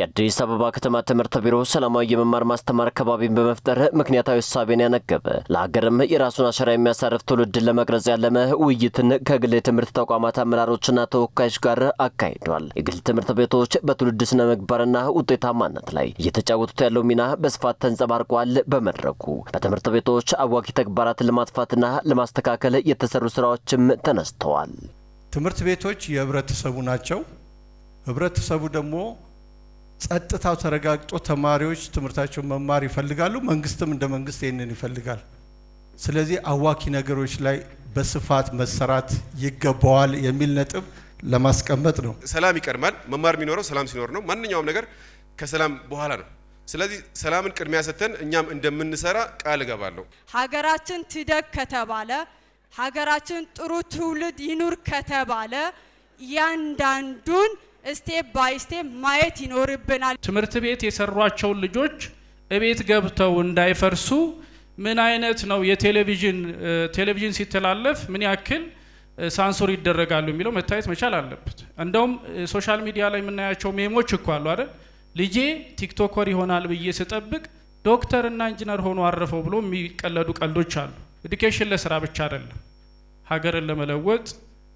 የአዲስ አበባ ከተማ ትምህርት ቢሮ ሰላማዊ የመማር ማስተማር አካባቢን በመፍጠር ምክንያታዊ እሳቤን ያነገበ ለሀገርም የራሱን አሻራ የሚያሳርፍ ትውልድን ለመቅረጽ ያለመ ውይይትን ከግል የትምህርት ተቋማት አመራሮችና ተወካዮች ጋር አካሂዷል። የግል ትምህርት ቤቶች በትውልድ ስነ ምግባርና ውጤታማነት ላይ እየተጫወቱት ያለው ሚና በስፋት ተንጸባርቋል። በመድረኩ በትምህርት ቤቶች አዋኪ ተግባራትን ለማጥፋትና ለማስተካከል የተሰሩ ስራዎችም ተነስተዋል። ትምህርት ቤቶች የህብረተሰቡ ናቸው። ህብረተሰቡ ደግሞ ጸጥታው ተረጋግጦ ተማሪዎች ትምህርታቸውን መማር ይፈልጋሉ። መንግስትም እንደ መንግስት ይህንን ይፈልጋል። ስለዚህ አዋኪ ነገሮች ላይ በስፋት መሰራት ይገባዋል የሚል ነጥብ ለማስቀመጥ ነው። ሰላም ይቀድማል። መማር የሚኖረው ሰላም ሲኖር ነው። ማንኛውም ነገር ከሰላም በኋላ ነው። ስለዚህ ሰላምን ቅድሚያ ሰጥተን እኛም እንደምንሰራ ቃል እገባለሁ። ሀገራችን ትደግ ከተባለ፣ ሀገራችን ጥሩ ትውልድ ይኑር ከተባለ እያንዳንዱን ስቴፕ ባይ ስቴፕ ማየት ይኖርብናል። ትምህርት ቤት የሰሯቸውን ልጆች እቤት ገብተው እንዳይፈርሱ ምን አይነት ነው የቴሌቪዥን ቴሌቪዥን ሲተላለፍ ምን ያክል ሳንሶር ይደረጋሉ የሚለው መታየት መቻል አለበት። እንደውም ሶሻል ሚዲያ ላይ የምናያቸው ሜሞች እኮ አሉ አይደል? ልጄ ቲክቶከር ይሆናል ብዬ ስጠብቅ ዶክተር እና ኢንጂነር ሆኖ አረፈው ብሎ የሚቀለዱ ቀልዶች አሉ። ኤዱኬሽን ለስራ ብቻ አይደለም፣ ሀገርን ለመለወጥ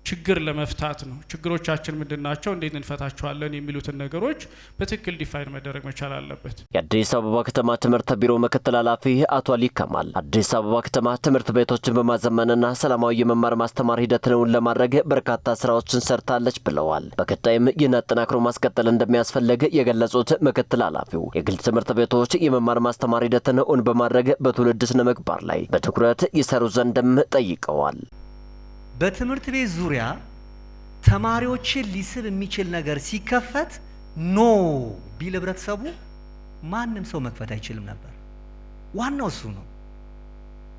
ችግር ለመፍታት ነው። ችግሮቻችን ምንድን ናቸው? እንዴት እንፈታቸዋለን? የሚሉትን ነገሮች በትክክል ዲፋይን መደረግ መቻል አለበት። የአዲስ አበባ ከተማ ትምህርት ቢሮ ምክትል ኃላፊ አቶ አሊ ከማል አዲስ አበባ ከተማ ትምህርት ቤቶችን በማዘመንና ሰላማዊ የመማር ማስተማር ሂደትን እውን ለማድረግ በርካታ ስራዎችን ሰርታለች ብለዋል። በቀጣይም ይህን አጠናክሮ ማስቀጠል እንደሚያስፈልግ የገለጹት ምክትል ኃላፊው የግል ትምህርት ቤቶች የመማር ማስተማር ሂደትን እውን በማድረግ በትውልድ ስነ ምግባር ላይ በትኩረት ይሰሩ ዘንድም ጠይቀዋል። በትምህርት ቤት ዙሪያ ተማሪዎችን ሊስብ የሚችል ነገር ሲከፈት ኖ ቢል ህብረተሰቡ ማንም ሰው መክፈት አይችልም ነበር። ዋናው እሱ ነው።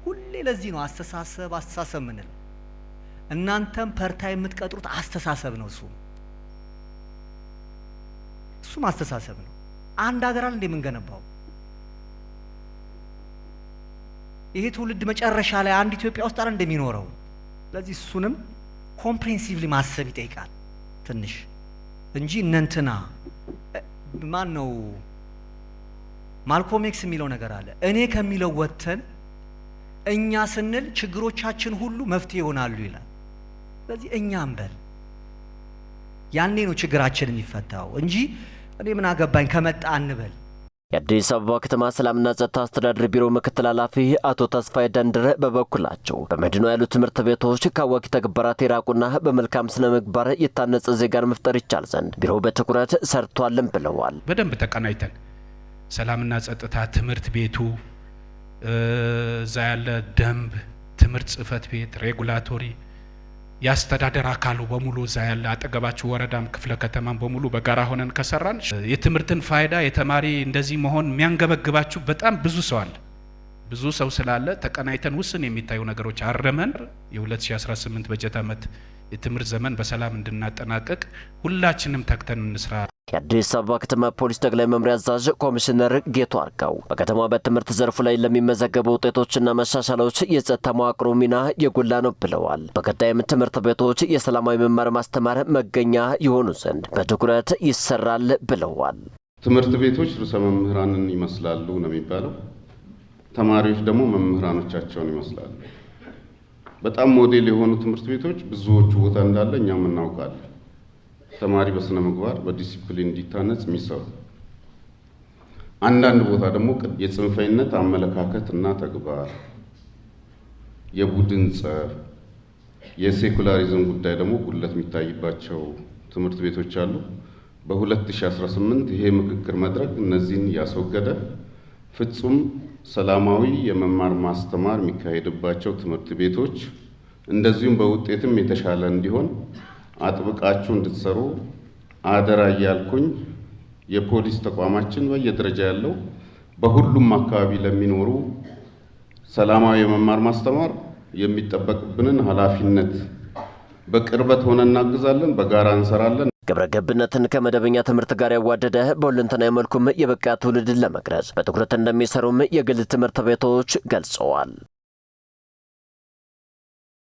ሁሌ ለዚህ ነው አስተሳሰብ አስተሳሰብ ምንለው። እናንተም ፐርታይ የምትቀጥሩት አስተሳሰብ ነው። እሱ እሱም አስተሳሰብ ነው። አንድ ሀገር አለ እንደ የምንገነባው ይሄ ትውልድ መጨረሻ ላይ አንድ ኢትዮጵያ ውስጥ አለ እንደሚኖረው ስለዚህ እሱንም ኮምፕሬንሲቭሊ ማሰብ ይጠይቃል ትንሽ እንጂ እነንትና ማን ነው ማልኮሜክስ የሚለው ነገር አለ። እኔ ከሚለው ወጥተን እኛ ስንል ችግሮቻችን ሁሉ መፍትሄ ይሆናሉ ይላል። ስለዚህ እኛም በል ያኔ ነው ችግራችን የሚፈታው እንጂ እኔ ምን አገባኝ ከመጣ አንበል። የአዲስ አበባ ከተማ ሰላምና ጸጥታ አስተዳደር ቢሮ ምክትል ኃላፊ አቶ ተስፋዬ ደንድረ በበኩላቸው በመዲኗ ያሉ ትምህርት ቤቶች ከአዋኪ ተግባራት የራቁና በመልካም ስነ ምግባር የታነጸ ዜጋን መፍጠር ይቻል ዘንድ ቢሮ በትኩረት ሰርቷልን ብለዋል። በደንብ ተቀናይተን ሰላምና ጸጥታ፣ ትምህርት ቤቱ እዛ ያለ ደንብ፣ ትምህርት ጽህፈት ቤት፣ ሬጉላቶሪ የአስተዳደር አካሉ በሙሉ እዛ ያለ አጠገባችሁ ወረዳም ክፍለ ከተማም በሙሉ በጋራ ሆነን ከሰራን የትምህርትን ፋይዳ የተማሪ እንደዚህ መሆን የሚያንገበግባችሁ በጣም ብዙ ሰው አለ። ብዙ ሰው ስላለ ተቀናይተን ውስን የሚታዩ ነገሮች አረመን የ2018 በጀት ዓመት የትምህርት ዘመን በሰላም እንድናጠናቀቅ ሁላችንም ተግተን እንስራ። የአዲስ አበባ ከተማ ፖሊስ ጠቅላይ መምሪያ አዛዥ ኮሚሽነር ጌቱ አርጋው በከተማ በትምህርት ዘርፉ ላይ ለሚመዘገቡ ውጤቶችና መሻሻሎች የጸጥታ መዋቅሩ ሚና የጎላ ነው ብለዋል። በቀጣይም ትምህርት ቤቶች የሰላማዊ መማር ማስተማር መገኛ የሆኑ ዘንድ በትኩረት ይሰራል ብለዋል። ትምህርት ቤቶች ርዕሰ መምህራንን ይመስላሉ ነው የሚባለው። ተማሪዎች ደግሞ መምህራኖቻቸውን ይመስላሉ። በጣም ሞዴል የሆኑ ትምህርት ቤቶች ብዙዎቹ ቦታ እንዳለ እኛም እናውቃለን። ተማሪ በስነ ምግባር በዲሲፕሊን እንዲታነጽ የሚሰሩ አንዳንድ ቦታ ደግሞ የጽንፈኝነት አመለካከት እና ተግባር፣ የቡድን ጸብ፣ የሴኩላሪዝም ጉዳይ ደግሞ ጉለት የሚታይባቸው ትምህርት ቤቶች አሉ። በ2018 ይሄ ምክክር መድረክ እነዚህን ያስወገደ ፍጹም ሰላማዊ የመማር ማስተማር የሚካሄድባቸው ትምህርት ቤቶች እንደዚሁም በውጤትም የተሻለ እንዲሆን አጥብቃችሁ እንድትሰሩ አደራ እያልኩኝ የፖሊስ ተቋማችን በየደረጃ ያለው በሁሉም አካባቢ ለሚኖሩ ሰላማዊ የመማር ማስተማር የሚጠበቅብንን ኃላፊነት በቅርበት ሆነ እናግዛለን፣ በጋራ እንሰራለን። ግብረ ገብነትን ከመደበኛ ትምህርት ጋር ያዋደደ በሁለንተናዊ መልኩም የበቃ ትውልድን ለመቅረጽ በትኩረት እንደሚሰሩም የግል ትምህርት ቤቶች ገልጸዋል።